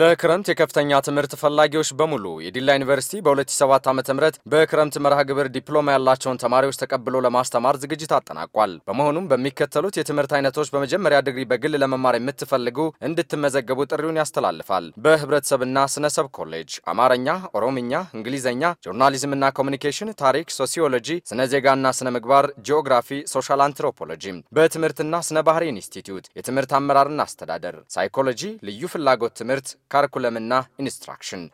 ለክረምት የከፍተኛ ትምህርት ፈላጊዎች በሙሉ የዲላ ዩኒቨርሲቲ በ2007 ዓ ም በክረምት መርሃ ግብር ዲፕሎማ ያላቸውን ተማሪዎች ተቀብሎ ለማስተማር ዝግጅት አጠናቋል። በመሆኑም በሚከተሉት የትምህርት አይነቶች በመጀመሪያ ዲግሪ በግል ለመማር የምትፈልጉ እንድትመዘገቡ ጥሪውን ያስተላልፋል። በህብረተሰብና ስነሰብ ኮሌጅ አማርኛ፣ ኦሮምኛ፣ እንግሊዝኛ፣ ጆርናሊዝምና ኮሚኒኬሽን፣ ታሪክ፣ ሶሲዮሎጂ፣ ስነ ዜጋና ስነ ምግባር፣ ጂኦግራፊ፣ ሶሻል አንትሮፖሎጂ፣ በትምህርትና ስነ ባህሪ ኢንስቲትዩት የትምህርት አመራርና አስተዳደር፣ ሳይኮሎጂ፣ ልዩ ፍላጎት ትምህርት ካሪኩለምና ኢንስትራክሽን